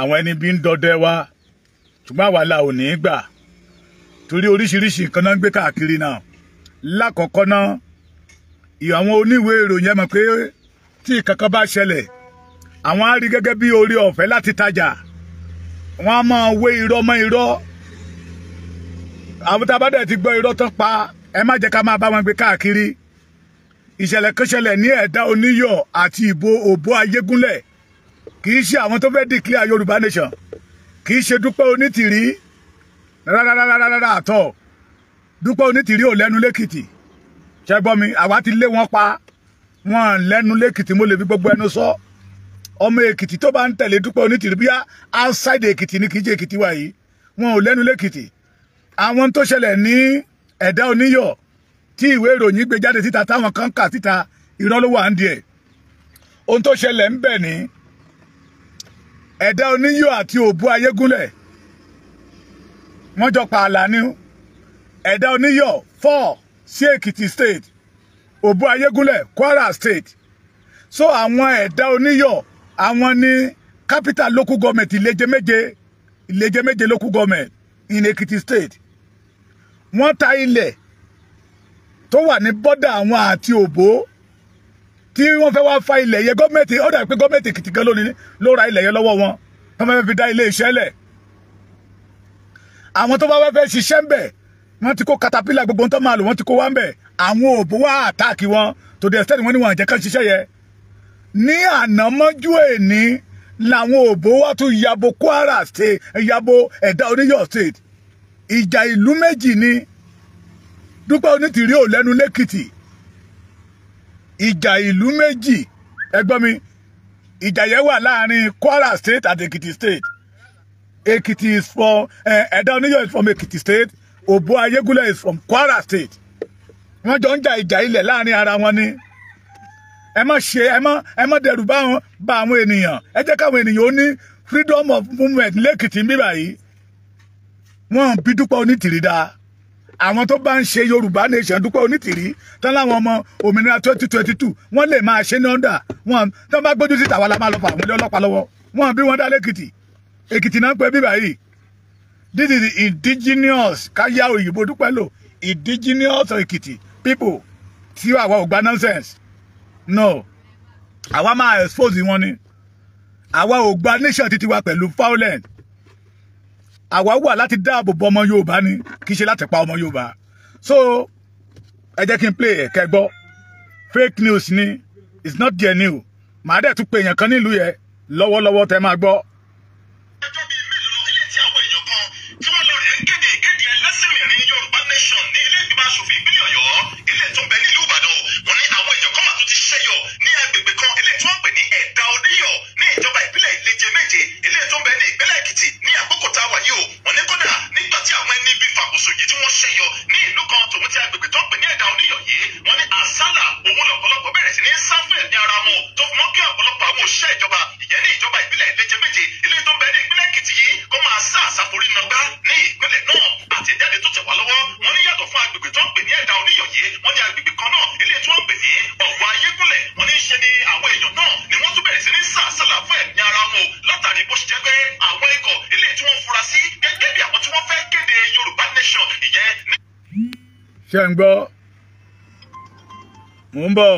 àwọn ẹni bí ń dọdẹ wa ṣùgbọ́n àwa la ò ní í gbà torí oríṣiríṣi nǹkan náà ń gbé káàkiri náà lákọ̀ọ́kọ́ náà àwọn oníwèé ìròyìn ẹ mọ̀ pé tí kankan bá ṣẹlẹ̀ àwọn á rí gẹ́gẹ́ bí orí ọ̀fẹ́ láti tajà wọ́n á máa wé irọ́ mọ́ irọ́ àwọn tá a bá dẹ̀ ti gbọ́ irọ́ tán pa ẹ má jẹ́ ká máa bá wọn gbé káàkiri ìṣẹ̀lẹ̀ kan ní ẹ̀dá oníyọ̀ àti ìbò òbó ayégúnlẹ̀ kì í ṣe àwọn tó fẹ́ declare yorùbá nation kì í ṣe dúpẹ́ onítìrí rárárárárá àtọ̀ dúpẹ́ onítìrí ò lẹ́nu lẹ́kìtì ṣẹ́gbọ́n mi àwa ti lé wọn pa wọn lẹ́nu lẹ́kìtì mo lè fi gbogbo ẹnu sọ ọmọ èkìtì tó bá ń tẹ̀lé dúpẹ́ onítìrí bíyá outside èkìtì ni kì í ṣe èkìtì wa yìí wọn ò lẹ́nu lẹ́kìtì àwọn tó ṣẹlẹ̀ ní ẹ̀dá oníyọ̀ tí ìwé ìròyìn gbé jáde síta táwọn kan kà síta irọ́ ló ń di ẹ̀ ohun tó ṣẹlẹ̀ ń bẹ̀ ní ẹ̀dá oníyọ̀ àti òbú ayégúnlẹ̀ wọ́n jọ pa àlàní ẹ̀dá oníyọ̀ four sí èkìtì state òbú ayégúnlẹ̀ kwara state so àwọn ẹ̀dá oníyọ̀ àwọn ní capital local government ìlẹ́jẹ̀ méje local government in èkìtì state wọ́n ta ilẹ̀ tó wà ní bọ́dà àwọn àti òbó tí wọ́n fẹ́ wá fa ilẹ̀ yẹn gọ́ọ̀mẹ̀ntì ó dàbí pé gọ́ọ̀mẹ̀ntì Èkìtì gan lónìí ló ra ilẹ̀ yẹn lọ́wọ́ wọn wọ́n fẹ́ fi dá ilé iṣẹ́ lẹ̀ àwọn tó bá wá fẹ́ ṣiṣẹ́ ń bẹ̀ wọ́n ti kó katapila gbogbo tó máa lò wọ́n ti kó wá ń bẹ̀ àwọn òbó wá àtáàkì wọn tó di ẹsẹ̀ ni wọ́n ní wọn jẹ́ kán ṣiṣẹ́ yẹn ní ànámọ́jú èní làwọn òbó wá tún yabo Kwara state yabo ẹ̀dá oníyọ̀ state ìjà ìlú méjì ni Dúpẹ́ Onítìrí ò lẹ́nu lẹ́kìtì ìjà ìlú méjì ẹ gbọ́ mi ìjà yẹn wà láàrin Kwara state àti Ekiti state Ekiti is from eh, Ẹ̀dá Oníyọ̀ is from Ekiti state Òbó Ayégúnlẹ̀ is from Kwara state wọ́n jọ ń jà ìjà ilẹ̀ láàrin ara wọn ni ẹ má ṣe ẹ má ẹ má dẹrù bá wọn bá àwọn ènìyàn ẹ jẹ́ káwọn ènìyàn ó ní freedom of movement lẹ́kìtì ń bíbà yìí wọ́n bí Dúpẹ́ Onítìrí dáa àwọn tó bá ń ṣe yorùbá nation dúpẹ́ onítìrí tán láwọn ọmọ òmìnira twenty twenty two wọ́n lè máa ṣe ní ọ̀ndà wọn tán bá gbójú síta wà lámà lọ́pàá àwọn ilé ọlọ́pàá lọ́wọ́ wọn bí wọ́n dá lẹ́kìtì èkìtì náà ń pẹ́ bíbá yìí this is indigenous káyà òyìnbó dúpẹ́ lò indigenous èkìtì people tí àwa ò gba nonsense no àwa máa expose wọn ni àwa ò gba nation títí wa pẹ̀lú violence àwa wà láti dáàbò bo ọmọ Yorùbá ni kì í ṣe láti pa ọmọ Yorùbá so ẹ jẹ́ kí n play ẹ̀kẹ́ gbọ́ fake news ni it's not their new màá dẹ̀ tún pe èèyàn kan nílùú yẹn lọ́wọ́lọ́wọ́ tẹ́ máa gbọ́. àkóso yìí tí wọ́n ṣẹyọ ní ìlú kan tòun ti agbègbè tó ń pè ní ẹ̀dá oníyọ̀ yìí wọ́n ní àsálà òun lọ̀pọ̀lọpọ̀ bẹ̀rẹ̀ sí ní sáfù ẹ̀mí ara wọn tó fi mọ́ kí ọ̀pọ̀lọpọ̀ àwọn òṣìṣẹ́ ìjọba ìyẹn ní ìjọba ìbílẹ̀ ìlẹ́jẹ̀ méje ṣe ń gbọ́ mò ń bọ̀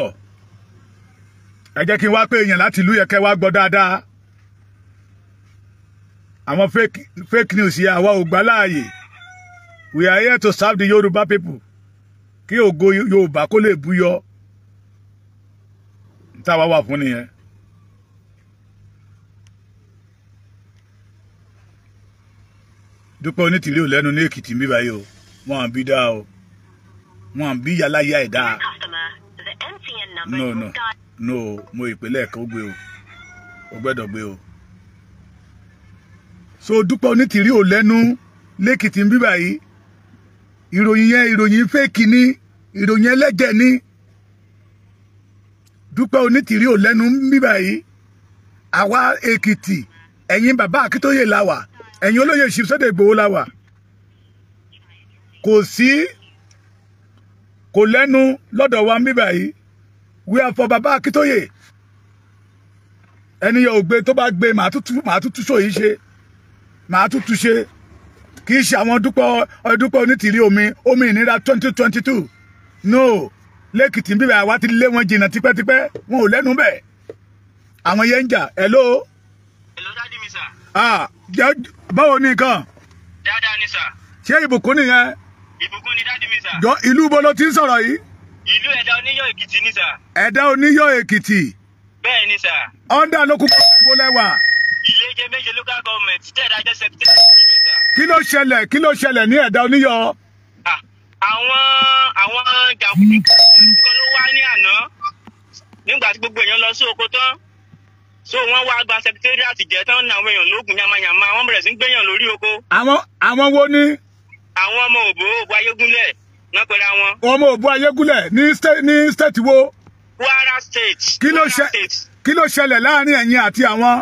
ẹ jẹ́ kí n wá pé èèyàn láti ìlú yẹn kẹ́ wá gbọ́ dáadáa àwọn fake fake news yẹn àwa ò gbà láàyè we are here to serve the Yoruba people kí ògo Yorùbá kó lè búyọ táwa wà fún nìyẹn. dúpẹ́ onítìrí lẹ́nu ní èkìtì ń o wọ́n á bí dáa o wọn bí yàláyà ẹ̀dá no no no mo ìpínlẹ̀ kan ó gbé o ó gbẹ́dọ̀ gbé o. so Dúpẹ́ Onítìrí ò lẹ́nu lẹ́kìtì ń bíbà yìí ìròyìn yẹn ìròyìn fẹ́ẹ̀kì ni ìròyìn ẹlẹ́jẹ̀ ni Dúpẹ́ Onítìrí ò lẹ́nu ń bíbà yìí àwa Èkìtì ẹ̀yin bàbá Akíntóyè la wà ẹ̀yin olóyè Ṣìbìsọ́dẹ̀ Ìgbòho la wà kò sí kò lẹ́nu lọ́dọ̀ wa ń bí báyìí wíwáfọ bàbá akíntóyè ẹni yóò gbé tó bá gbé màá tútù màá tútù sóyìí ṣe màá tútù ṣe kì í ṣe àwọn dúpọ̀ ọdúpọ̀ onítìrí omi omi ìnira twenty twenty two no lẹ́kìtì ń bíbẹ̀ àwa ti lé wọn jìnnà tipẹ́tipẹ́ wọn ò lẹ́nu bẹ̀ àwọn yẹn ń jà hello. hello dadi mi sà. ah báwo ni nǹkan. dáadáa ni sà. ṣé ìbùkún nìyẹn ìbùkún ni dádì mi sà. jọ ìlú bo ló ti ń sọ̀rọ̀ yìí. ìlú ẹ̀dá oníyọ̀ èkìtì ni sà. ẹ̀dá oníyọ̀ èkìtì. bẹ́ẹ̀ ni sà. ọ̀ndà lókun kọ́ ìdúró lẹ́wà. ìlẹ́jẹ̀ méje local government tẹ̀dá jẹ́ secretary ìbẹ̀ sà. kí ló ṣẹlẹ̀ kí ló ṣẹlẹ̀ ní ẹ̀dá oníyọ̀. àwọn àwọn jàǹdùkú kan ló wá so wọn wá gba secretariat jẹ tán ní àwọn èèyàn lóògùn yamayama wọn bẹ̀rẹ̀ sí gbẹ̀yàn lórí oko. àwọn àwọn wo ni àwọn ọmọ òbó òbó ayégúnlẹ̀ náà pẹ̀lú àwọn. ọmọ òbó ayégúnlẹ̀ ní ní state wo. Kwara state. kí ló ṣe kí ló ṣẹlẹ̀ láàrin ẹ̀yin àti àwọn.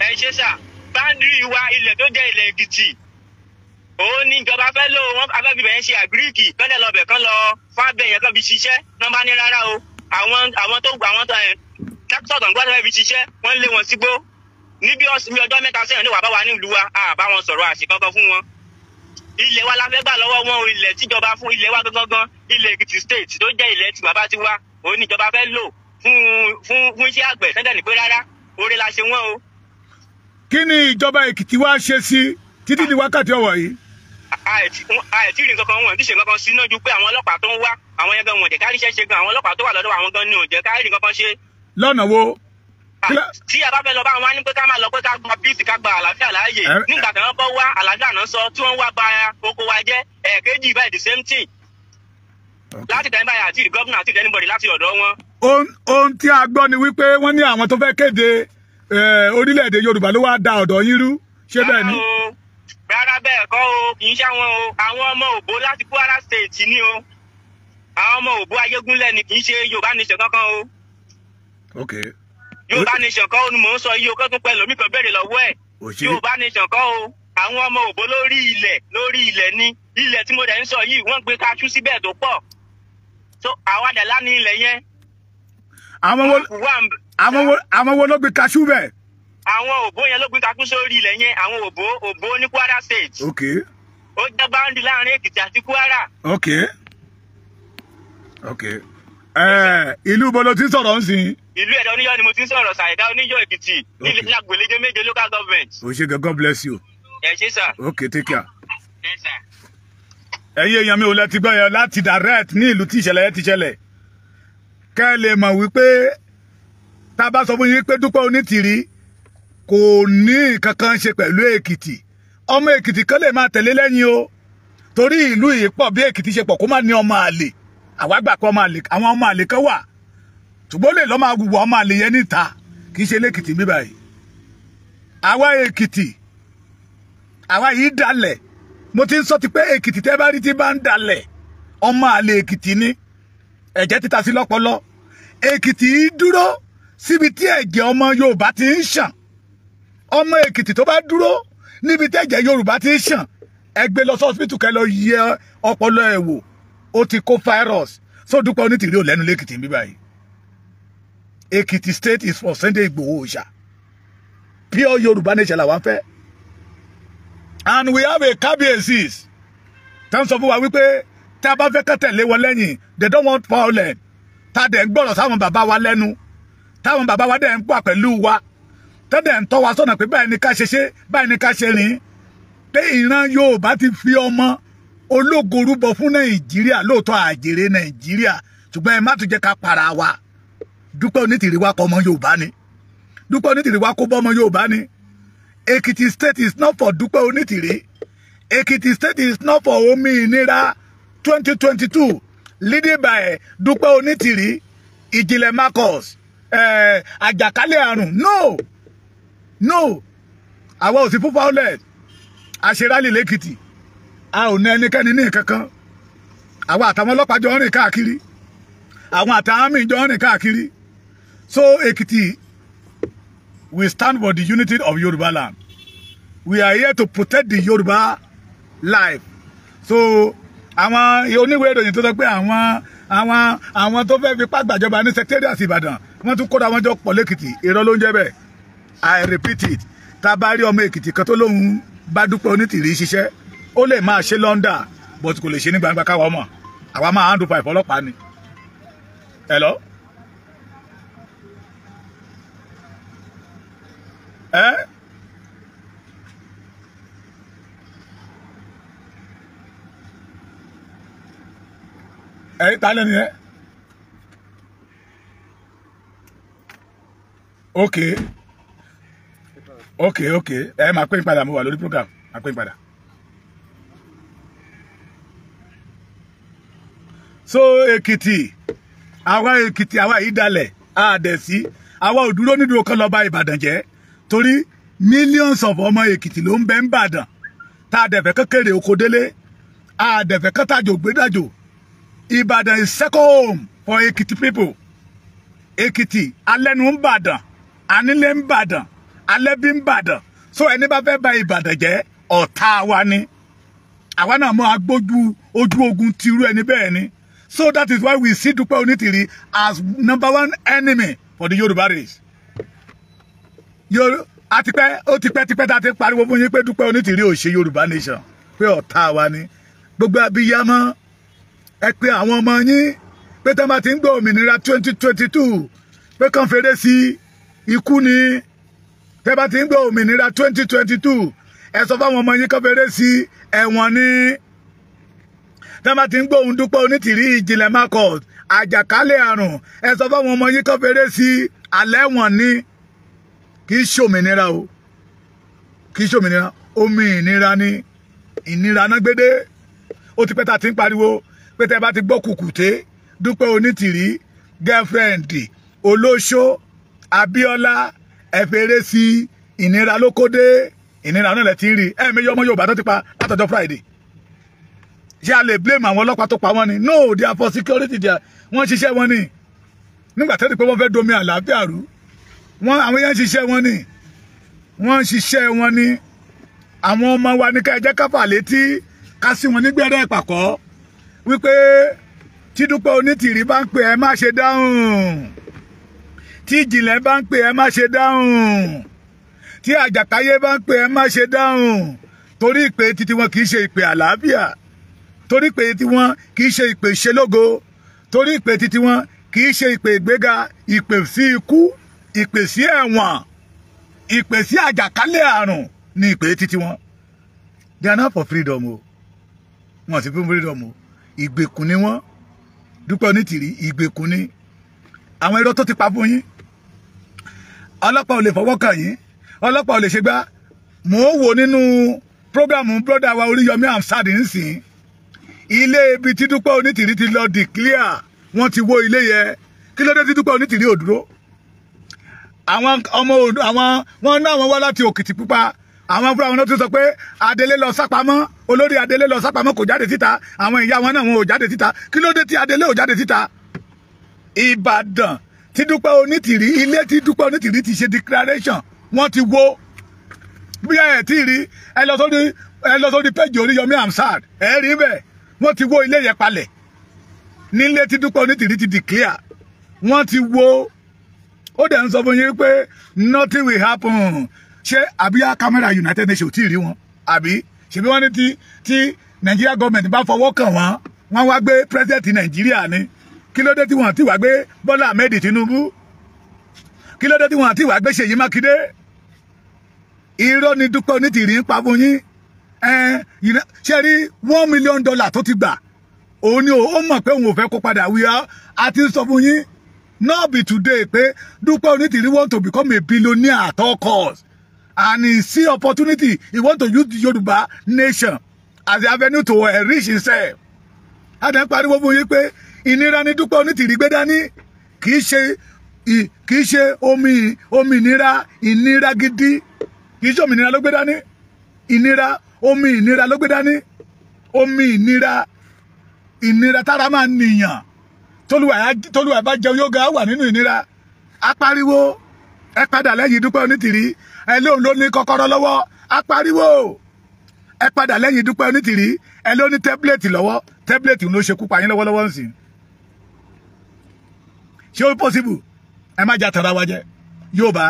ẹ ṣe sà báńdìrì wa ilẹ̀ tó jẹ́ ilẹ̀ Èkìtì òun ní ìjọba fẹ́ lò wọ́n afẹ́bí bẹ̀yẹn ṣe àgíríkì kọ́lẹ̀ lọ́bẹ̀ kan lọ fábẹ̀ yẹn kan fi ṣiṣẹ́ náà bá ní rárá o àwọn àwọn tó gbà wọ́n tán ẹ̀ dákítọ̀ tó ń gbọ́dọ̀ fi ṣiṣẹ́ wọ́n lé wọn sígbó níbi ọjọ́ mẹ́ta sẹ́yìn ní wàá bá wa ní ìlú wa àbá wọn sọ̀rọ̀ àṣìkankan fún wọn ilẹ̀ wa la fẹ́ gbà lọ́wọ́ wọn o ilẹ̀ tíjọba fún ilẹ̀ wa gangan ilẹ̀ Èkìtì state tó jẹ́ ilẹ̀ tí bàbá ti wá òun níjọba fẹ́ lò fún fún iṣẹ́ àgbẹ̀ sẹ́dẹ̀ ní rárá oore la ṣe wọ́n o. kí ni ìjọba Èkìtì wa ṣe sí títí di wákàtí ọ̀wọ̀ yìí. àìtí ìrìn kankan wọn ti kankan sí ju pé àwọn ọlọ́pàá tó ń wá àwọn yẹn gan wọn jẹ́ káríṣẹ́ ṣe gan àwọn ọlọ́pàá tó wà lọ́dọ̀ àwọn gan ni ò jẹ́ kárí nǹkan ṣe. lọ́nà wo Ah, tí a bá fẹ́ lọ bá wọn á ní pé ká máa lọ pé ká gba peace ká gba àlàáfíà láàyè nígbà tí wọ́n bọ́ wá àlàáfíà náà sọ tí wọ́n wá ba oko wa jẹ́ ẹ̀ẹ́kejì báyìí the same thing láti tẹ̀ báyìí àti gómìnà àti anybody láti ọ̀dọ̀ wọn. ohun tí a gbọ́ ni wípé wọ́n ní àwọn tó fẹ́ kéde orílẹ̀-èdè Yorùbá ló wáá da ọ̀dọ̀ yín rú ṣé bẹ́ẹ̀ ni. rárá bẹ́ẹ̀ kọ́ o kì í ṣe àwọn o àwọn ọmọ òbó láti Kwara state ni o àwọn ọmọ òbó ayégúnlẹ̀ ni kì í ṣe Yorùbá nation kankan o yorùbá nation kọ́ ó ni mò ń sọ iye ọkọ́ tún pẹ̀lú omi kan bẹ̀rẹ̀ lọ́wọ́ ẹ̀ yorùbá nation kọ́ o àwọn ọmọ òbó lórí ilẹ̀ lórí ilẹ̀ ni ilẹ̀ tí mo dẹ̀ ń sọ yìí wọ́n gbé kaṣú síbẹ̀ tó pọ̀ so àwa dẹ̀ lá ní ilẹ̀ yẹn. àwọn wo ló gbé kaṣú bẹ́ẹ̀. àwọn òbó yẹn ló gbé kaṣú sórí ilẹ̀ yẹn àwọn òbó òbó ní Kwara state. okay. ó jẹ́ báńdì láàrin Èkìtì àti Kwara. okay. okay. Eh, ìlú bolo ti ń sọ̀rọ̀ ń sìn. ìlú ẹ̀dá oníyọ̀ ni mo ti ń sọ̀rọ̀ ṣàìdá oníyọ̀ èkìtì ní agbèlédé méje local government. o ṣe gan God bless you. ẹ ṣé sà. ok take care. ẹ ṣé sà. ẹ̀yin èèyàn mi ò lẹ ti gbọ́ yẹn láti direct ní ìlú tí ìṣẹ̀lẹ̀ yẹn ti ṣẹlẹ̀ kẹ́ ẹ lè mọ̀ wípé tá a bá sọ fún yín pé Dúpẹ́ Onítìrí kò ní nǹkan kan ṣe pẹ̀lú Èkìtì ọmọ Èkìtì kan lè máa tẹ̀lé lẹ́yìn o torí ìlú yìí bí Èkìtì ṣe pọ̀ kó má ní ọmọ àlè àwa gbà pé àwọn ọmọ àlè kan wà ṣùgbọ́n lè lọ́ máa wùwọ́ ọmọ àlè yẹn níta kì í ṣe lẹ́kìtì bí báyìí àwa èkìtì àwa yìí dalẹ̀ mo ti ń sọ ti pé èkìtì tẹ́ bá rí ti bá ń dalẹ̀ ọmọ àlè èkìtì ni ẹ̀jẹ̀ títa sí lọ́pọlọ èkìtì yìí dúró síbi tí ẹ̀jẹ̀ ọmọ yorùbá ti ń ṣàn ọmọ èkìtì tó bá dúró níbi tí ẹ̀jẹ̀ yorùbá ti ń ṣàn ẹ lọ sọ́sibítù ó ti kó virus so Dúpẹ́ Onítìrí ò lẹ́nu lẹ́kìtì ń bí báyìí Èkìtì state is for Sunday Igboho Òòṣà pure Yorùbá nation làwọn fẹ́ and we have a kábíyèsí tá ń sọ fún wa wípé tá a bá fẹ́ kẹ́tẹ̀lé wọn lẹ́yìn they don't want violence tá a dẹ̀ ń gbọ́dọ̀ sáwọn bàbá wa lẹ́nu táwọn bàbá wa dẹ̀ ń pà pẹ̀lú wa tá dẹ̀ ń tọ́ wa sọ́nà pé báyìí ni ká ṣe ṣe báyìí ni ká ṣe rìn pé ìran Yorùbá ti fi ọmọ ológo rúbọ fún nàìjíríà lóòótọ́ àjèrè nàìjíríà ṣùgbọ́n ẹ má tún jẹ́ ká para wa dúpẹ́ onítìrí wa kọ́ ọmọ yorùbá ni dúpẹ́ onítìrí wa kó bọ́ ọmọ yorùbá ni èkìtì state is not for dúpẹ́ onítìrí èkìtì state is not for Omi òmìnira twenty twenty two leading by dúpẹ́ onítìrí ìjìnlẹ̀ marcus àjàkálẹ̀ àrùn no no àwa ò sí fún fowlet àṣerálì lẹ́kìtì a ò ní ẹnikẹ́ni ní kankan àwa àtàwọn ọlọ́pàá jọ ń rìn káàkiri àwọn àtàwọn míì jọ ń rìn káàkiri so Ekiti we stand for the unity of Yoruba land we are here to protect the Yoruba life so àwọn oníwèé ìròyìn tó sọ pé àwọn àwọn àwọn tó fẹ́ fipá gbàjọba ní secretariat Ìbàdàn wọ́n tún kóra wọn jọ pọ̀ lẹ́kìtì irọ́ ló ń jẹ́ bẹ́ẹ̀ I repeat it tá a bá rí ọmọ Èkìtì kan tó lóun bá dúpẹ́ onítìrí ṣiṣẹ́ ó lè máa ṣe lọ́ndà but kò lè ṣe ní gbangba káwa ọmọ àwa máa handle pipe ọlọ́pàá ni hello ẹ ẹ ta lẹ́nu yẹn ok ok ok ẹ máa pín padà mo wà lórí program máa pín padà. so awa àwa èkìtì àwa ìdálẹ̀ àdẹ̀sí àwa ò duro nídìí ọkàn ba ibadan je tori millions of omo ekiti lo ń bẹ ń t'a tá kekere dẹ̀fẹ̀ kékeré oko délé a dẹ̀fẹ̀ kẹtàjò ibadan is second home for ekiti people ekiti alenu ń anile anílé alebi bàdàn so eni bá fẹ́ ba ìbàdàn jẹ́ ọ̀tá wa ni àwa náà mọ agbójú ojú ogun tirú ẹni eni. ni. So that is why we see Dupe Onitiri as number one enemy for the Yoruba race. Yorùbá a ti pẹ́ ó ti pẹ́ ti pẹ́ ta ti pariwo fún yín pé Dupe Onitiri ò ṣe Yorùbá nation pé ọ̀tá wa ni gbogbo abiyamọ ẹ pé àwọn ọmọ yín pé tá bá ti ń gbọ́ òmìnira twenty twenty two pé kàn fèrè sí ikú ni tẹ́ bá ti ń gbọ́ tí wọ́n bá ti ń gbóhùn dúpẹ́ onítìrí ìjìnlẹ̀ marcus àjàkálẹ̀ àrùn ẹ sọ fáwọn ọmọ yín kan fèrè sí alẹ́ wọn ní kì í ṣòmìnira o kì í ṣòmìnira omi ìnira ni ìnira náà gbédé ó ti pẹ́ ta ti ń pariwo pé tẹ́ bá ti gbọ́ kùkùté dúpẹ́ onítìrí gẹ́fẹ́ǹdì olóṣó abíọ́lá ẹ fèrè sí ìnira lókódé ìnira náà lẹ ti ń rí ẹ̀ẹ́mẹ́yọ́ ọmọ yorùbá tó ti pa látọjọ́ friday ṣé a lè blame àwọn ọlọ́pàá tó pa wọ́n ni no they are for security they are wọ́n ṣiṣẹ́ wọn ni nígbà tẹ́lẹ̀ pé wọ́n fẹ́ domi àlàáfíà rú wọ́n àwọn yẹn ń ṣiṣẹ́ wọn ni wọ́n ń ṣiṣẹ́ wọn ni àwọn ọmọ wa ní ká ẹ jẹ́ ká fà létí ká sí wọn nígbẹ̀rẹ́ ìpàkọ́ wípé tídúpẹ́ onítìrí bá ń pè ẹ má ṣe dáhùn tí ìjìnlẹ̀ bá ń pè ẹ má ṣe dáhùn tí àjàkáyé bá ń pè ẹ má ṣe dáhùn torí ìpè títí wọn kì í ṣe ìpè àlàáfíà torí pé tiwọn kì í ṣe ìpè ìṣelógo torí ìpè titi wọn kì í ṣe ìpè ìgbéga ìpè sí ikú ìpè sí ẹ̀wọ̀n ìpè sí àjàkálẹ̀ àrùn ní ìpè titi wọn they are not for freedom o wọn sì fún freedom o ìgbèkùn ni wọn dúpẹ́ onítìrí ìgbèkùn ni àwọn irọ́ tó ti pa fún yín ọlọ́pàá ò lè fọwọ́ kàn yín ọlọ́pàá ò lè ṣe gbá mò ń wò nínú prógámù brọ́dà wa Oríyọmí Hamzat nísìnyí ilé ibi tí Dúpẹ́ Onítìrí ti lọ declare wọ́n ti wó ilé yẹn kí ló dé tí Dúpẹ́ Onítìrí ò dúró àwọn ọmọ odò àwọn wọn ná àwọn wá láti Òkìtìpupa àwọn fúnra wọn tó sọ pé Adelé lọ sápamọ́ olórí Adelé lọ sápamọ́ kò jáde síta àwọn ìyá wọn náà wọn ò jáde síta kí ló dé tí Adelé ò jáde síta Ìbàdàn tí Dúpẹ́ Onítìrí ilé tí Dúpẹ́ Onítìrí ti ṣe declaration wọ́n ti wó bí ẹ̀ tí rí ẹ lọ sórí ẹ lọ sórí péjì Oríyọmí Hamzat ẹ rí bẹ́ẹ̀ wọ́n ti wó ilé yẹn palẹ̀ nílé tí Dúpẹ́ Onítìrí ti declare wọ́n ti wó ó dẹ̀ ń sọ fún yín pé nothing will happen ṣé àbí á camera United Nations tí ì rí wọn àbí ṣèbí wọ́n ní tí tí Nigeria government bá fọwọ́ kàn wọ́n wọ́n wá gbé president Nigeria ni kí ló dé tí wọ́n ti wá gbé Bọ́lá Ahmed Tinubu kí ló dé tí wọ́n ti wá gbé Ṣèyí Mákindé irọ́ ni Dúpẹ́ Onítìrí ń pa fún yín Eh, ṣe rí one million dollar tó ti gbà òun ni ó mọ̀ pé òun ò fẹ́ kó padà wíyá àti sọ fún yín not be today pé Dúpẹ́ Onítìrí want to become a billionaire at all costs and he see opportunity he want to use the Yorùbá nation as the avenue to enrich himself. adé pariwo fún yín pé ìnira ni Dúpẹ́ Onítìrí gbé dání kì í ṣe kì í ṣe omi omi ìnira ìnira gidi kì í ṣe òmìnira ló gbé dání ìnira omi ìnira ló gbé dání omi ìnira ìnira tára máa nìyàn tólúwa bá jẹun yóò ga wà nínú ìnira apariwo ẹ padà lẹ́yìn dúpẹ́ onítìrí ẹlóun ló ní kọ́kọ́rọ́ lọ́wọ́ apariwo ẹ padà lẹ́yìn dúpẹ́ onítìrí ẹ ló ní tẹ́bílẹ̀tì lọ́wọ́ tẹ́bílẹ̀tì ló ṣekú pa yín lọ́wọ́lọ́wọ́ ń sìn ṣé ó pọ́sibù ẹ má jà tara wa jẹ yóò bá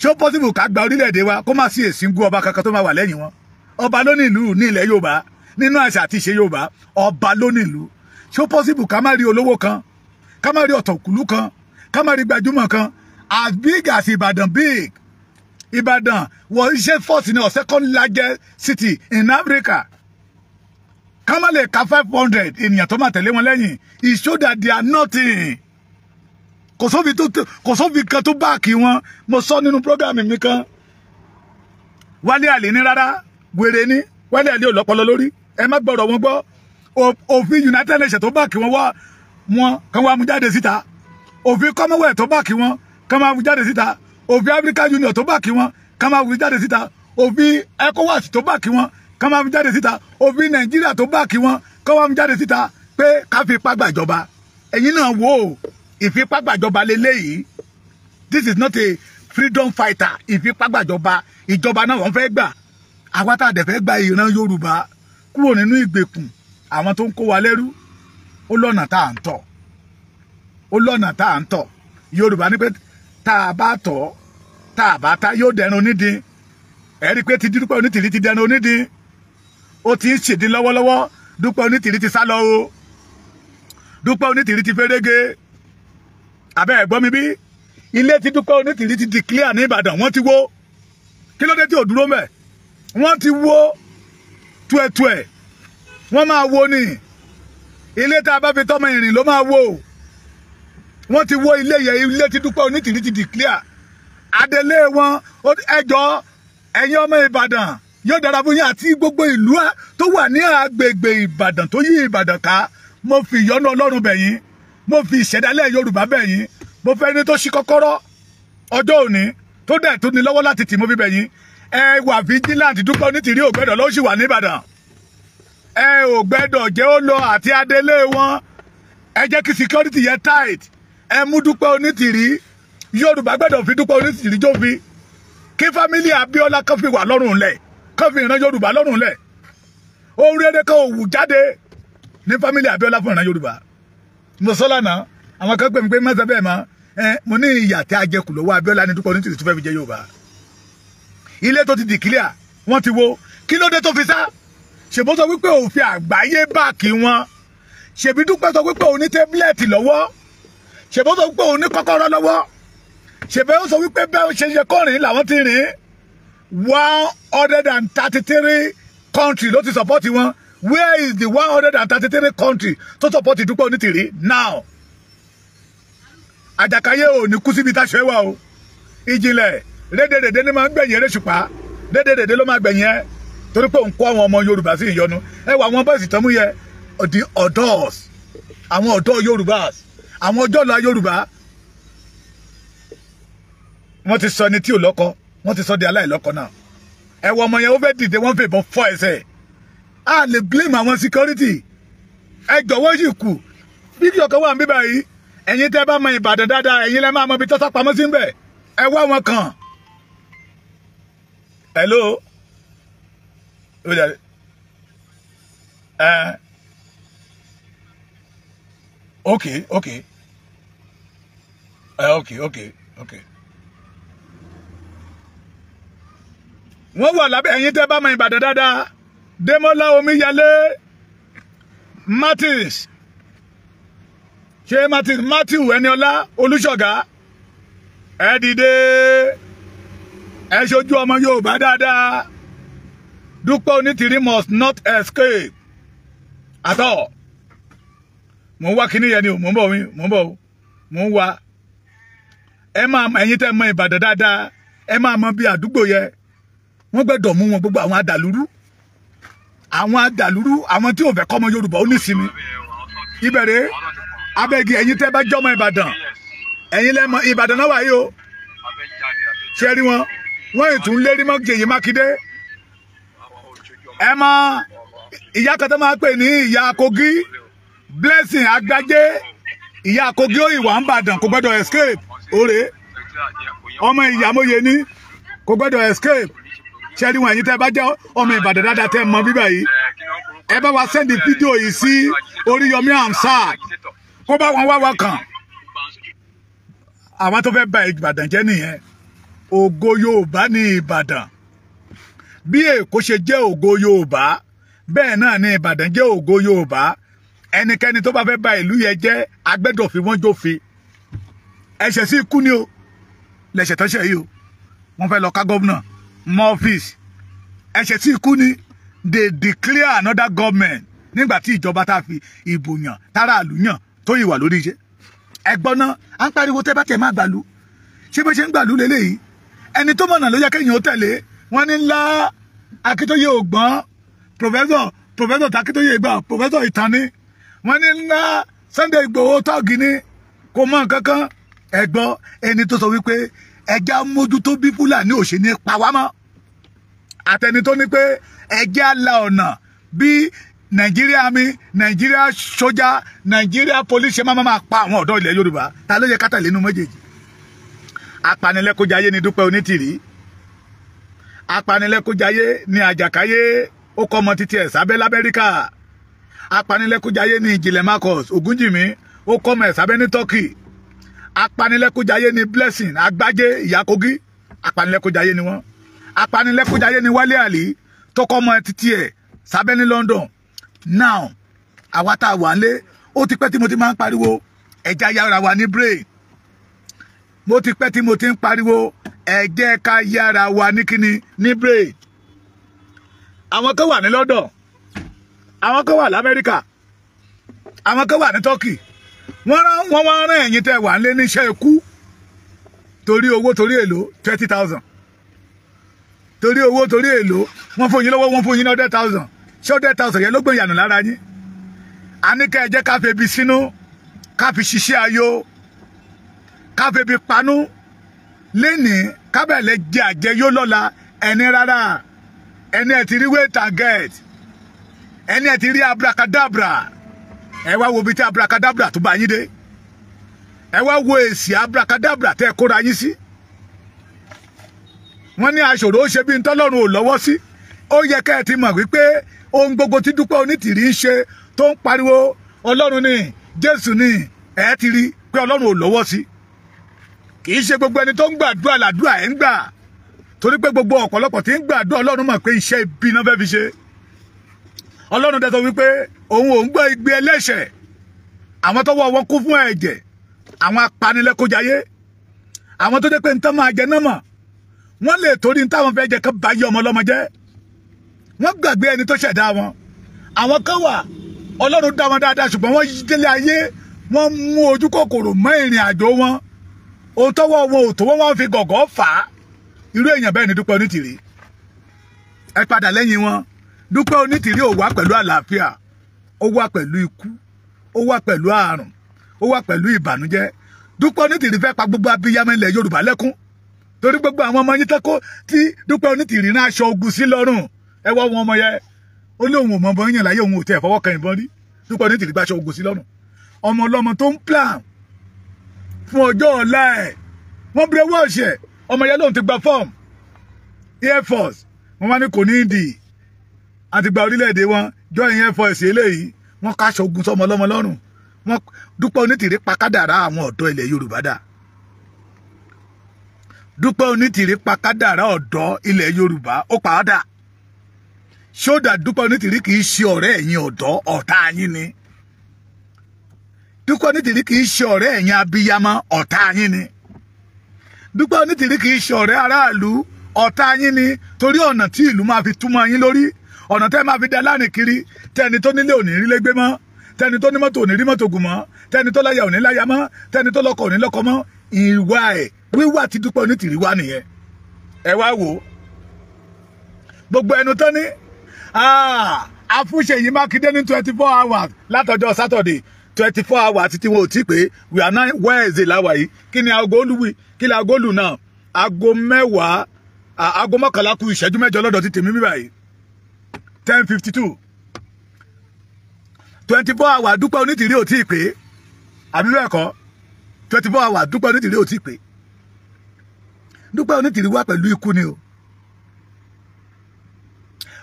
ṣé ó pọ́sibù ká gba orílẹ̀ wa kó má sí èsì ń gún ọba kankan tó má wà lẹ́yìn wọn ọba ló ní ìlú ní ilẹ̀ yorùbá nínú àṣà àti ìṣe yorùbá ọba ló ní ìlú ṣó pọ́sibù ká má rí olówó kan ká má rí ọ̀tọ̀kùlú kan ká má rí gbajúmọ̀ kan as big as Ibadan, big ìbàdàn wọ iṣẹ́ force ní second largest city in africa ká má lè ka five hundred ènìyàn tó máa tẹ̀lé wọn lẹ́yìn it show that they are nothing kò sófin tó kò sófin kan tó báàkì wọn mo sọ nínú programme mi kan wálé àlè ní rárá wèrè ni wẹ́lẹ̀ ilé ọlọ́pọlọ lórí ẹ má gbọ́rọ̀ wọn gbọ́ òfin united nations tó báàkì wọn wá wọn kàn wá mú jáde síta òfin commonwealth tó báàkì wọn kàn wá mú síta òfin african union tó báàkì wọn kàn wá mú jáde síta òfin ecowas tó báàkì wọn kàn wá mú jáde síta òfin nàìjíríà tó báàkì wọn kàn wá mú jáde síta pé ká fi ipá gbàjọba ẹ̀yin náà wò ó ìfipá gbàjọba leléyìí this is not a freedom fighter ìfipá gbàjọba ìjọba náà wọ́n fẹ́ gbà àwa tá a dẹ̀ fẹ́ gba ìran yorùbá kúrò nínú ìgbèkùn àwọn tó ń kó wa lẹ́rú ó lọ́nà tá à ń tọ̀ ó lọ́nà tá à ń tọ̀ yorùbá ní pé tá a bá tọ̀ tá a bá ta yóò dẹran onídìí ẹ rí i pé ti dúpẹ́ onítìrí ti dẹran onídìí ó ti ń ṣèdín lọ́wọ́lọ́wọ́ dúpẹ́ onítìrí ti sá lọ o dúpẹ́ onítìrí ti fẹ́rẹ́gẹ abẹ́ ẹ̀ gbọ́ mi bí ilé ti dúpẹ́ onítìrí ti declare ní ìbàdàn wọ́n ti wó kí ló dé tí ò dúró mẹ́ẹ̀ wọ́n ti wo tuẹ̀tuẹ̀ wọ́n máa wo ni ilé tá a bá fi tọ́mọ ìrìn ló máa wo wọ́n ti wo ilé yẹ ilé ti Dúpẹ́ Onítìrí ti declare adelé wọn ẹjọ́ ẹ̀yin ọmọ Ìbàdàn yóò dára fún yín àti gbogbo ìlú tó wà ní agbègbè Ìbàdàn tó yí Ìbàdàn ká mo fi ìyọ́nú Ọlọ́run bẹ̀ yín mo fi ìṣẹ̀dálẹ̀ Yorùbá bẹ̀ yín mo fẹ́ ní tó ṣí kọ́kọ́rọ́ ọjọ́ òní tó dẹ̀ tó ní lọ́wọ́ láti tì mo fi bẹ̀ yín ẹ wà vigilant dúpẹ́ onítìrí ògbẹ́dọ̀ ló sì wà nìbàdàn ẹ ògbẹ́dọ̀ jẹ́ ó lọ àti adélé wọn ẹ jẹ́ kí security yẹ tight ẹ mú dúpẹ́ onítìrí yorùbá gbẹ́dọ̀ fi dúpẹ́ onítìrí jófin kí fámílì abíọ́lá kan fi wà lọ́rùn lẹ̀ kan fi ìran yorùbá lọ́rùn lẹ̀ ohun rere kan ò wù jáde ní fámílì abíọ́lá fún ìran yorùbá mo sọ lánàá àwọn kan pè pé mọ́sẹ̀ bẹ́ẹ̀ mọ́ mo ní ìyà tí a jẹ kù lọ́wọ́ abíọ́lá ní dúpẹ́ onítìrí tó fẹ́ fi jẹ yorùbá ilé tó ti dìkílíà wọ́n ti wo kí ló dé tó fi sá ṣèbó sọ wípé òfin àgbáyé báàkì wọn ṣèbí dúpẹ́ sọ wípé òní tẹ́bílẹ̀tì lọ́wọ́ ṣèbó sọ wípé òní kọ́kọ́rọ́ lọ́wọ́ ṣèbó sọ wípé bẹ́ẹ̀ ṣe ṣe kọ́rin làwọn ti rìn one hundred and thirty three country ló ti support wọn where is the one hundred and thirty three country tó sọ̀pọ́tì dúpẹ́ onítìrí now àjàkáyé ò ní kú síbi táṣẹ́ wà o ìjìnlẹ̀ rédèrèdè ni máa ń gbẹ̀yìn eréṣùpá rédèrèdè ló máa gbẹ̀yìn ẹ torí pé òun kó àwọn ọmọ yorùbá sí ìyọnu ẹ wà àwọn bọ́ọ̀sì tán mú yẹ the ọ̀dọ́ọ̀s àwọn ọ̀dọ́ yorùbá àwọn ọjọ́ọ̀la yorùbá wọ́n ti sọ ẹni tí ò lọ́kọ wọ́n ti sọ di aláìlọ́kọ náà ẹ wọ ọmọ yẹn ó fẹ́ dìde wọ́n fìbọn fọ́ ẹsẹ̀ a lè blame àwọn security ẹ jọ̀wọ́ yìí kù fídíò kan wà ń bíbá yìí ẹ̀yin tẹ́ bá mọ ìbàdàn dáadáa ẹ̀yin lẹ́ máa mọ ibi tọ́sà pamọ́ sí ń bẹ̀ ẹ wá wọn kàn hello ó dàbí ẹ eh. Okay. ok ẹ eh, Okay. Okay. ok wọ́n wà lábẹ́ ẹ̀yin tẹ́ bá mọ Ìbàdàn dáadáa Démọ́lá Omíyalé Martins ṣé Martins Matthew Ẹniọlá Olúṣọ̀gá ẹ dìde ẹ ṣojú ọmọ Yorùbá dáadáa Dúpẹ́ Onítìrí must not escape at all mò ń wá kíní yẹn ni o mò ń bọ̀ mi mò ń bọ̀ o mò ń wá ẹ máa ẹ̀yin tẹ́ mọ Ìbàdàn dáadáa ẹ máa mọ bí àdúgbò yẹ wọ́n gbẹ́dọ̀ mú wọn gbogbo àwọn adàlúrú àwọn adàlúrú àwọn tí ò fẹ́ kọ́mọ Yorùbá ó ní sinmi ìbẹ̀rẹ̀ abẹ́gi ẹ̀yin tẹ́ bá jọmọ Ìbàdàn ẹ̀yin lẹ́mọ Ìbàdàn náà wáyé o ṣe rí wọn wọ́n ètò ń lérí mọ́ Yèyé Mákindé ẹ mọ ìyá kan tó máa pè ní ìyá Kogi blessing agbájé ìyá Kogi òyìnbó àǹbàdàn kò gbọ́dọ̀ escape òre ọmọ ìyàmóye ní kò gbọ́dọ̀ escape ṣẹ́rí wọn ẹ̀yin tẹ́ bá jẹ́ ọmọ ìbàdàn dáadáa tẹ́ mọ bíbẹ̀ yìí ẹ bá wa sẹ́ndì fídíò yìí sí Oríyọmí Hamzat kó bá wọn wá wa kàn àwọn tó fẹ́ bà Ìbàdàn jẹ́ nìyẹn ògo Yorùbá ní Ìbàdàn bí Èkó ṣe jẹ́ ògo Yorùbá bẹ́ẹ̀ náà ní Ìbàdàn jẹ́ ògo Yorùbá ẹnikẹ́ni tó bá fẹ́ ba ìlú yẹn jẹ́ agbẹ́dọ̀fin wọ́n jófin ẹ̀ṣẹ̀ sí ikú ni o lẹ̀ṣẹ̀ tọ́ṣẹ̀ yìí o wọ́n fẹ́ lọ ká gómìnà mọ́ ọ́fíìsì ẹ̀ṣẹ̀ sí ikú ni they declare another government nígbà tí ìjọba tá a fi ìbò yàn tára àlù yàn tó yìí wà lórí iṣẹ́ ẹ̀gbọ́n náà à ń pariwo tẹ́ bá tẹ̀ má gbàlú ṣé bó ṣe ń gbàlú lélẹ́yìí ẹni tó mọ̀nà ló yẹ kéèyàn ó tẹ̀lé wọ́n ní ńlá akíntóye ògbọ́n pòfẹ́sọ̀ pòfẹ́sọ̀ takíntóye ìgbà pòfẹ́sọ̀ ìtàní wọ́n ní ńlá Sunday Igboho tọ́ọ̀gì ni kò mọ̀ kankan ẹ̀gbọ́ ẹni tó sọ wípé ẹja mójútó bí fúlàní ò ṣe ní pawámọ́ àtẹni tó ní pé ẹja la ọ̀nà bí nàìjíríà mi nàìjíríà sójà nàìjíríà polisi ṣe máa máa pa àwọn ọ̀dọ́ ilẹ̀ yorùbá ta ló yẹ ká méjèèjì apanilẹ́kọ̀jayé ni dúpẹ́ onítìrí apanilẹ́kọ̀jayé ni àjàkáyé ó kọ́ ọmọ títí ẹ̀ sábẹ́ lábẹ́ríkà apanilẹ́kọ̀jayé ni ìjìnlẹ̀ marcus ogunjìmí ó kọ́ ọmọ ẹ̀ sábẹ́ ní turkey apanilẹ́kọ̀jayé ni blessing agbájé ìyákogi apanilẹ́kọ̀jayé ni wọ́n apanilẹ́kọ̀jayé ni wálé àlí tó kọ́ ọmọ ẹ̀ títí ẹ̀ sábẹ́ ní london now àwa tá a wà ń lé ó ti pẹ́ tí mo ti máa ń pariwo ẹ̀já yára wa ní brain mo ti pẹ́ tí mo ti ń pariwo ẹ jẹ́ ká yára wa ní kíni ní braid àwọn kan wà ní London àwọn kan wà l'Amẹ́ríkà àwọn kan wà ní Turkey wọ́n rán wọ́n wá rán ẹ̀yin tẹ́ wà nílé níṣẹ́ ikú torí owó torí èlò twenty thousand torí owó torí èlò wọ́n fún yín lọ́wọ́ wọ́n fún yín ní hundred thousand ṣé hundred thousand yẹn ló gbé ìyànà lára yín àníkẹ́ ẹ jẹ́ ká fi ebi sínú ká fi ṣiṣẹ́ ayọ̀ káfebi panú lénìí kábẹ̀lẹ̀ jẹ àjẹyó lọ́la ẹni rárá ẹni ẹ ti rí way target ẹni ẹ ti rí abracadabra ẹ wá wo ibi tí abracadabra tó bá yín dé ẹ wá wo èsì abracadabra tẹ́ ẹ kóra yín sí wọ́n ní aṣòro ó ṣe bí ntọ́lọ́run ò lọ́wọ́ sí ó yẹ kẹ́ ẹ ti mọ̀ wípé ohun gbogbo tí Dúpẹ́ Onítìrí ń ṣe tó ń pariwo ọlọ́run ni Jésù ni ẹ ti rí pé ọlọ́run ò lọ́wọ́ sí i kì í ṣe gbogbo ẹni tó ń gbàdúrà làdúrà ẹ̀ ń gbà torí pé gbogbo ọ̀pọ̀lọpọ̀ tí ń gbàdúrà ọlọ́run mọ̀ pé iṣẹ́ ibi náà fẹ́ fi ṣe ọlọ́run dẹ́tọ̀ wípé òun ò ń gbọ́ igbe ẹlẹ́ṣẹ̀ àwọn tọ́wọ́ wọn kún fún ẹ̀jẹ̀ àwọn apanilẹ́kọ̀jayé àwọn tó jẹ́ pé nǹkan máa jẹ náà mọ̀ wọ́n lè torí ní táwọn fẹ́ jẹ kán bá yí ọmọ ọlọ́mọ jẹ́ wọ́n gbàgbé ẹni tó ṣẹ̀dá wọn àwọn kan wà ọlọ́run dá wọn dáadáa ṣùgbọ́n wọ́n yí délé ayé wọ́n mú ojú kòkòrò mọ́ ìrìn àjò wọn ohun tọ́wọ́ wọn ò tó wọ́n wọ́n fi gọ̀gọ́ fà á irú èèyàn bẹ́ẹ̀ ni Dúpẹ́ Onítìrí ẹ padà lẹ́yìn wọn Dúpẹ́ Onítìrí ò wá pẹ̀lú àlàáfíà ó wá pẹ̀lú ikú ó wá pẹ̀lú àrùn ó wá pẹ̀lú ìbànújẹ́ Dúpẹ́ Onítìrí fẹ́ pa gbogbo abiyamọ ilẹ̀ Yorùbá lẹ́kún torí gbogbo àwọn ọmọ yín tẹ́kọ́ tí Dúpẹ́ Onítìrí rán aṣọ ogun sí lọ́rùn ẹ wá wọn ọmọ yẹn ó ní òun ò mọ̀ bọ́ yàn láyé òun ò tẹ̀ fọwọ́ kan ìbọn rí Dúpẹ́ Onítìrí gbàṣọ ogun sí lọ́rùn ọmọ ọlọ́mọ tó ń plan fún ọjọ́ ọ̀la ẹ̀ wọ́n bẹ̀rẹ̀ wọ́ọ̀ṣẹ̀ ọmọ ìyá lóun ti gba fọ́ọ̀mù air force wọ́n wá ní kò ní ìdì àti gba orílẹ̀-èdè wọn join air force eléyìí wọ́n káṣọ ogun sọmọ ọlọ́mọ lọ́rùn wọ́n Dúpẹ́ Onítìrí pa kádàrá àwọn ọ̀dọ́ ilẹ̀ Yorùbá dà Dúpẹ́ Onítìrí pa kádàrá ọ̀dọ́ ilẹ̀ Yorùbá ó pa á dà ṣódà Dúpẹ́ Onítìrí kì í ṣe ọ̀rẹ́ ẹ̀yin ọ̀dọ́ ọ̀tá yín ni. Dúpẹ́ Onítìrí kì í ṣe ọ̀rẹ́ ẹ̀yin abiyamọ ọ̀tá yín ni Dúpẹ́ Onítìrí kì í ṣe ọ̀rẹ́ aráàlú ọ̀tá yín ni torí ọ̀nà tí ìlú máa fi túmọ̀ yín lórí ọ̀nà tẹ́ máa fi da láàrin kiri tẹni tó nílé òní rílé gbé mọ́ tẹni tó ní mọ́tò òní rí mọ́tò gùn mọ́ tẹni tó láyà òní láyà mọ́ tẹni tó lọ́kọ òní lọ́kọ mọ́ ìwà ẹ̀ wíwà ti Dúpẹ́ Onítìrí wà nìyẹn ẹ twenty four hours látọjọ́ Saturday twenty four hours títí wọn ò tí pé we are now Wednesday láwa yìí kí ni aago olúwi kí ni aago olù náà aago mẹ́wàá aago mọ́kànlá kù ìṣẹ́jú mẹ́jọ lọ́dọ̀ ti tèmi bíbá yìí ten fifty two twenty four hours dúpẹ́ onítìrí ò tí ì pé àbí bẹ́ẹ̀ kọ́ twenty four hours dúpẹ́ onítìrí ò tí ì dúpẹ́ onítìrí wá pẹ̀lú ikú ni o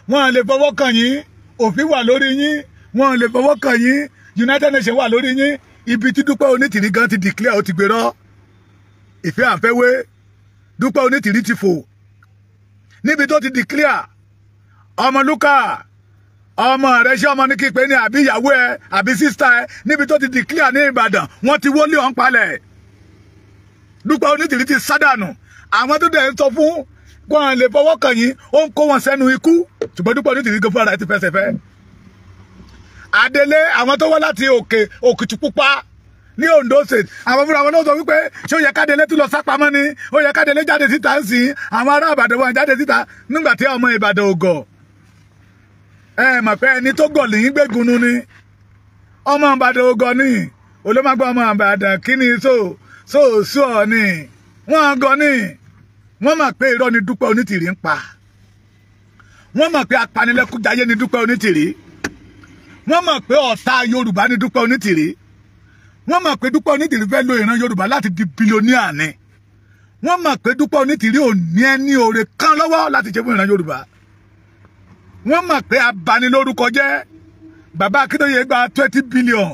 wọ́n lè fọwọ́ kàn yín òfin wà lórí yín wọ́n lè fọwọ́ kàn yín United Nations wà lórí yín ibi tí Dúpẹ́ Onítìrí gan ti declare ó ti gbérọ́ ìfẹ́ àfẹ́wé Dúpẹ́ Onítìrí ti fò níbi tó ti declare Ọmọlúkà ọmọ rẹ ṣé ọmọ ní kípe ní àbí ìyàwó ẹ àbí sísá ẹ níbi tó ti declare ní Ìbàdàn wọ́n ti wọlé ọ̀hún palẹ̀ Dúpẹ́ Onítìrí ti sádànù àwọn tó dẹ̀ ń sọ fún wọn lè fọwọ́ kàn yín ó ń kó wọn sẹ́nu ikú ṣùgbọ́n Dúpẹ́ Onítìrí gan fúnra ẹ ti fẹsẹ̀ fẹ́. Adélé àwọn tó wá láti òkè Òkìtìpupa ní Ondo state àwọn fúnra wọn náà sọ wípé ṣé ó yẹ kádélé tún lọ sápamọ́ ni ó yẹ kádélé jáde síta ń sìn àwọn ará Ìbàdàn wọn jáde síta nígbà tí ọmọ Ìbàdàn ògọ̀ ẹ mọ̀ pé ẹni tó gọ̀ lèyìn gbégunnu ni ọmọ Ìbàdàn ògọ̀ ni olómọgbà ọmọ Ìbàdàn kí so so sú ni wọ́n gọ ni wọ́n mọ̀ pé irọ́ ni Dúpẹ́ Onítìrí ń pa wọ́n mọ̀ pé apanilẹ́kújayé ni Dúpẹ́ Onítìrí wọ́n mọ̀ pé ọ̀tá yorùbá ni dúpẹ́ onítìrí wọ́n mọ̀ pé dúpẹ́ onítìrí fẹ́ lo ìran yorùbá láti di bilioníà ni wọ́n mọ̀ pé dúpẹ́ onítìrí ò ní ẹni oore kan lọ́wọ́ láti ṣe fún ìran yorùbá wọ́n mọ̀ pé abanilórúkọ jẹ́ bàbá akíntóye gba twenty billion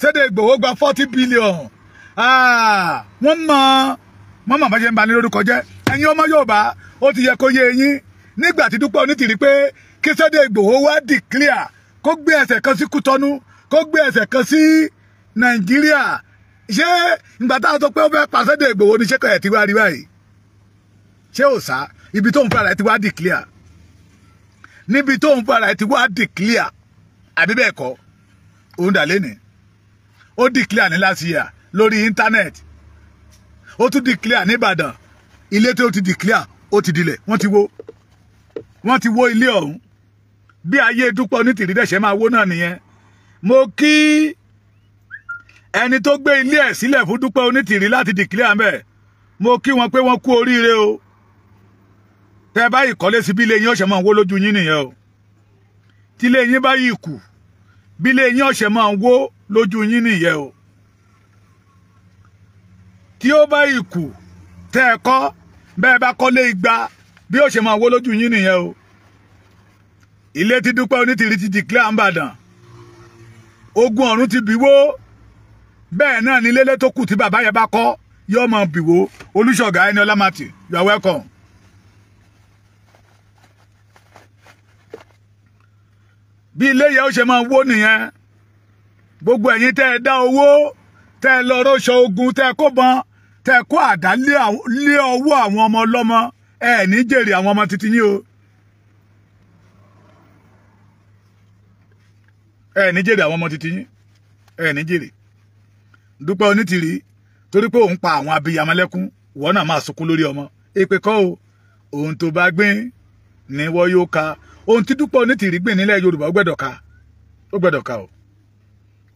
Sunday Igboho gba forty billion ah, wọ́n mọ̀ wọ́n mọ̀ bá ṣe ń bani lórúkọ jẹ́ ẹ̀yin ọmọ yorùbá ó ti yẹ kó yé eyín nígbà tí dúpẹ́ onítìrí pé kí Sunday Igboho wá declare kó gbé ẹsẹ̀ kan sí kútọ́nú kó gbé ẹsẹ̀ kan sí nàìjíríà ṣé ìgbà tá a sọ pé ó fẹ́ pàṣẹ dé ìgbòho ni ṣé ẹ̀ ti wá rí báyìí ṣé ò sá ibi tó ń fara ẹ̀ ti wá declare níbi tó ń fara ẹ̀ ti wá declare àbí bẹ́ẹ̀ kọ́ òun dà lẹ́nìí ó declare ní last year lórí internet ó tún declare ní Ìbàdàn ilé tó ti declare ó ti dilẹ̀ wọ́n ti wó wọ́n ti wó ilé ọ̀hún bí ayé dúpọ̀ ní tìrídẹ̀ṣẹ̀ máa wó náà nìyẹn mo kí ẹni tó gbé ilé ẹ̀ sílẹ̀ fún dúpẹ́ onítìrí láti dìkílẹ̀ àmẹ́ mo kí wọn pé wọ́n kú oríire o tẹ báyìí kọ́lé sí bí ilé yín ọ̀sẹ̀ máa ń wó lójú yín nìyẹn o tí ilé yín báyìí kù bí ilé yín ọ̀sẹ̀ máa ń wó lójú yín nìyẹn o tí ó báyìí kù tẹ ẹ kọ́ bẹ́ẹ̀ bá kọ́lé igba bí ó máa wó lójú yín nìyẹn o ilé ti dúpẹ́ onítìrí ti declare àǹbàdàn ogun ọ̀run ti bìwó bẹ́ẹ̀ náà ni lélẹ́ tó kù tí bàbá yẹn bá kọ́ yóò mọ̀ bìwó olùṣọ́gà ẹni ọlámàtì you are welcome. bí ilé yẹn ó ṣe máa wó nìyẹn gbogbo ẹ̀yin tẹ́ ẹ dá owó tẹ́ ẹ lọ rọṣọ ogun tẹ́ ẹ kó bọn tẹ́ ẹ kó àdá lé ọwọ́ àwọn ọmọ ọlọ́mọ ẹ ní jèrè àwọn ọmọ titi yín o. ẹ ní jèrè àwọn ọmọ titi yín ẹ ní jèrè dúpẹ́ onítìrí torí pé òun pa àwọn abiyamọ lẹ́kún ìwọ náà máa sunkún lórí ọmọ èpè kọ́ o ohun tó bá gbìn ni wọ́n yóò ka ohun tí dúpẹ́ onítìrí gbìn nílẹ̀ yorùbá ó gbẹ́dọ̀ ka ó gbẹ́dọ̀ ka o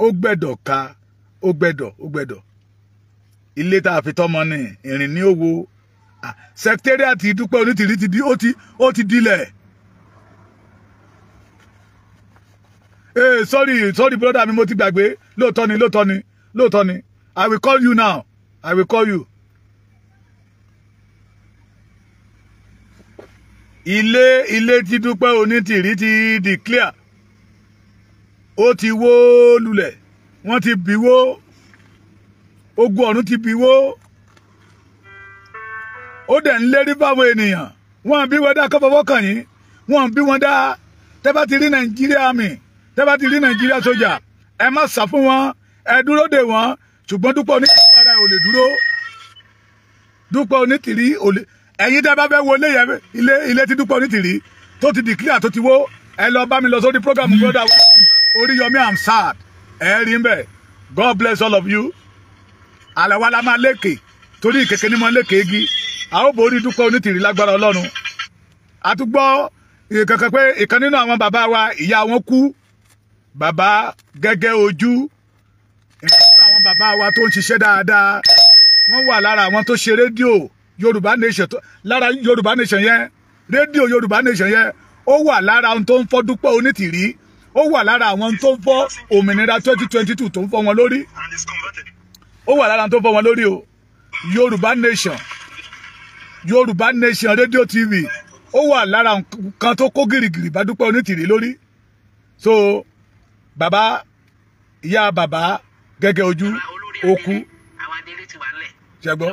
ó gbẹ́dọ̀ ka ó gbẹ́dọ̀ ó gbẹ́dọ̀ ilé tá a fi tọ́mọ ni ìrìn ní òwò sẹkítẹ́rì àti dúpẹ́ onítìrí ó ti ó hey eh, sorry sorry brother mi mo ti gbàgbé lóòótọ́ ni lóòótọ́ ni lóòótọ́ ni i will call you now i will call you. ilé ilé ti dúpẹ́ onítìrí ti declare ó ti wó lulẹ̀ wọ́n ti bíwó ogun ọ̀run ti bíwó ó dẹ̀ ń lérí fáwọn ènìyàn wọ́n bí wọn dá kọ́fọ́fọ́ kàn yín wọ́n bí wọn dá tẹ́bá ti rí nàìjíríà mi tẹ́ ti rí nàìjíríà sójà ẹ má sá fún wọn ẹ dúró dè wọn ṣùgbọ́n dúpọ̀ ní ìpara ò lè dúró dúpọ̀ onítìrí ò lè ẹ̀yin tẹ́ fẹ́ wọlé yẹn ilé ilé ti dúpọ̀ onítìrí tó ti dìklíà tó ti wó ẹ lọ bá mi lọ sórí program brother Oríyọmí Hamzat ẹ rí mbẹ God bless all of you àlàwà la máa lékè torí ìkèké ni mo lékè igi a ó borí dúpọ̀ onítìrí lágbára Ọlọ́run àtúgbọ́ ìkẹ̀kẹ̀ pé ìkan nínú àwọn bàbá wa ìyá wọn kú Baba, gẹ́gẹ́ ojú ìfúnpá àwọn bàbá wa tó ń ṣiṣẹ́ dáadáa wọ́n wà lára àwọn tó ṣe rédíò yorùbá nation lára yorùbá nation yẹn rédíò yorùbá nation yẹn ó wà lára ohun tó ń fọ́ dúpẹ́ onítìrí ó wà lára àwọn tó ń fọ́ òmìnira twenty twenty two tó ń fọ́ wọn lórí ó wà lára àwọn tó ń fọ́ wọn lórí o yorùbá nation yorùbá nation rédíò tv ó wà lára nǹkan tó kó gìrìgìrì bá dúpẹ́ onítìrí lórí so. Baba, ya Baba, gẹ́gẹ́ oju, oku. ṣẹgbọ́ ṣẹgbọ́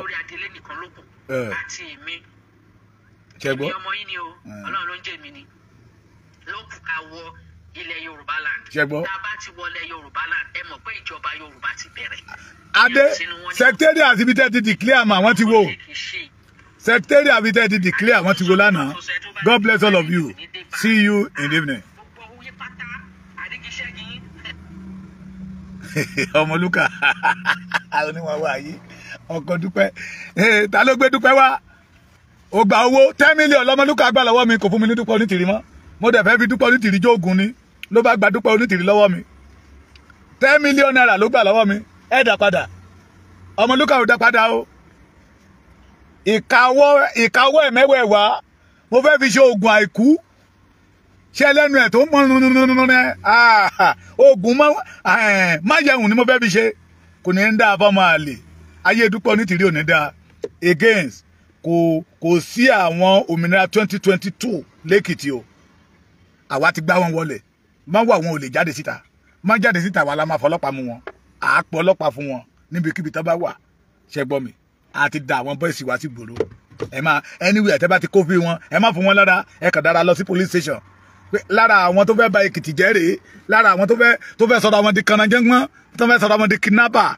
ilẹ̀ yorùbá land. ṣẹgbọ́ tá a bá ti wọlé yorùbá land ẹ mọ̀ pé ìjọba yorùbá ti bẹ̀rẹ̀. adé sẹkítẹ́rì àti ibi tẹ́ ti declare ma wọ́n ti wo sẹkítẹ́rì àti ibi di ti declare wọ́n ti wo lánàá God bless all of you see you in the evening. ọmọlúkà oníwàwọ ayé ọkọ dúpẹ́ eh, ta ló gbé dúpẹ́ wá ó gba owó ten million lọmọlúkà gbà lọ́wọ́ mi kò fún mi ní dúpẹ́ onítìrí mọ́ mo dẹ̀ fẹ́ fi dúpẹ́ onítìrí jóògùn ni ló bá gba dúpẹ́ onítìrí lọ́wọ́ mi ten million naira ló gbà lọ́wọ́ mi ẹ dà padà ọmọlúkà ò dá padà o ìkàwọ́ ìkàwọ́ ẹ̀mẹ́wẹ̀ẹ̀wá mo fẹ́ fi ṣe oògùn àìkú ṣé ẹlẹ́nu ẹ̀ tó ń pọn nínú ẹ oògùn máyẹ̀hùn ni mo fẹ́ fi ṣe kò ní ń dá fọmọ àlè ayé dúpọ̀ nítìrí ò ní dá against kò kò sí àwọn òmìnira twenty twenty two lẹ́kìtì o àwa ti gbá wọn wọlé má wà wọn ò lè jáde síta má jáde síta wà la máa fọlọ́pàá mú wọn àápọ̀ ọlọ́pàá fún wọn níbikíbi tó bá wà ṣẹgbọ́n mi àti dá àwọn bọ́ìsì wá sí gbòòrò ẹ máa anywhere tẹ́ bá ti kó fi wọn ẹ má fún wọn lára ẹ kàn dára lọ sí police station lára àwọn tó fẹ́ ba Èkìtì jẹ́ rèé lára àwọn tó fẹ́ tó fẹ́ sọ̀rọ̀ àwọn di kànáńjẹ́gbọ́n tó fẹ́ sọ̀rọ̀ àwọn di kidnapper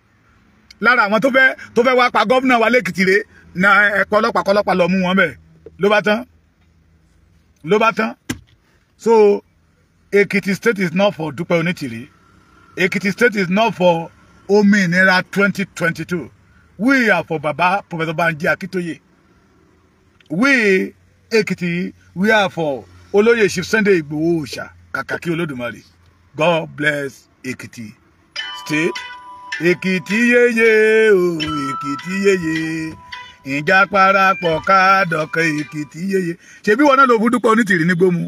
lára àwọn tó fẹ́ tó fẹ́ wá pa gómìnà wa lẹ́kìtì rèé na ẹ̀pọ̀ ọlọ́pàá kọlọ́pàá lọ mú wọn bẹ̀ ló bá tán ló bá tán so Ekiti state is not for Dúpẹ́ Onítìrí Ekiti state is not for Òmìnira 2022 we are for Baba Professor Banji Akitoye. we Ekiti we are for olóyè Chief Sunday Igboho òòṣà kàkàkí olódùmarè God bless Èkìtì state Èkìtì yeye o Èkìtì yeye ìjà parapọ̀ ká dọ̀kẹ́ Èkìtì yeye ṣebí wọn náà ló fún dúpọ̀ onítìrì nígbó mu.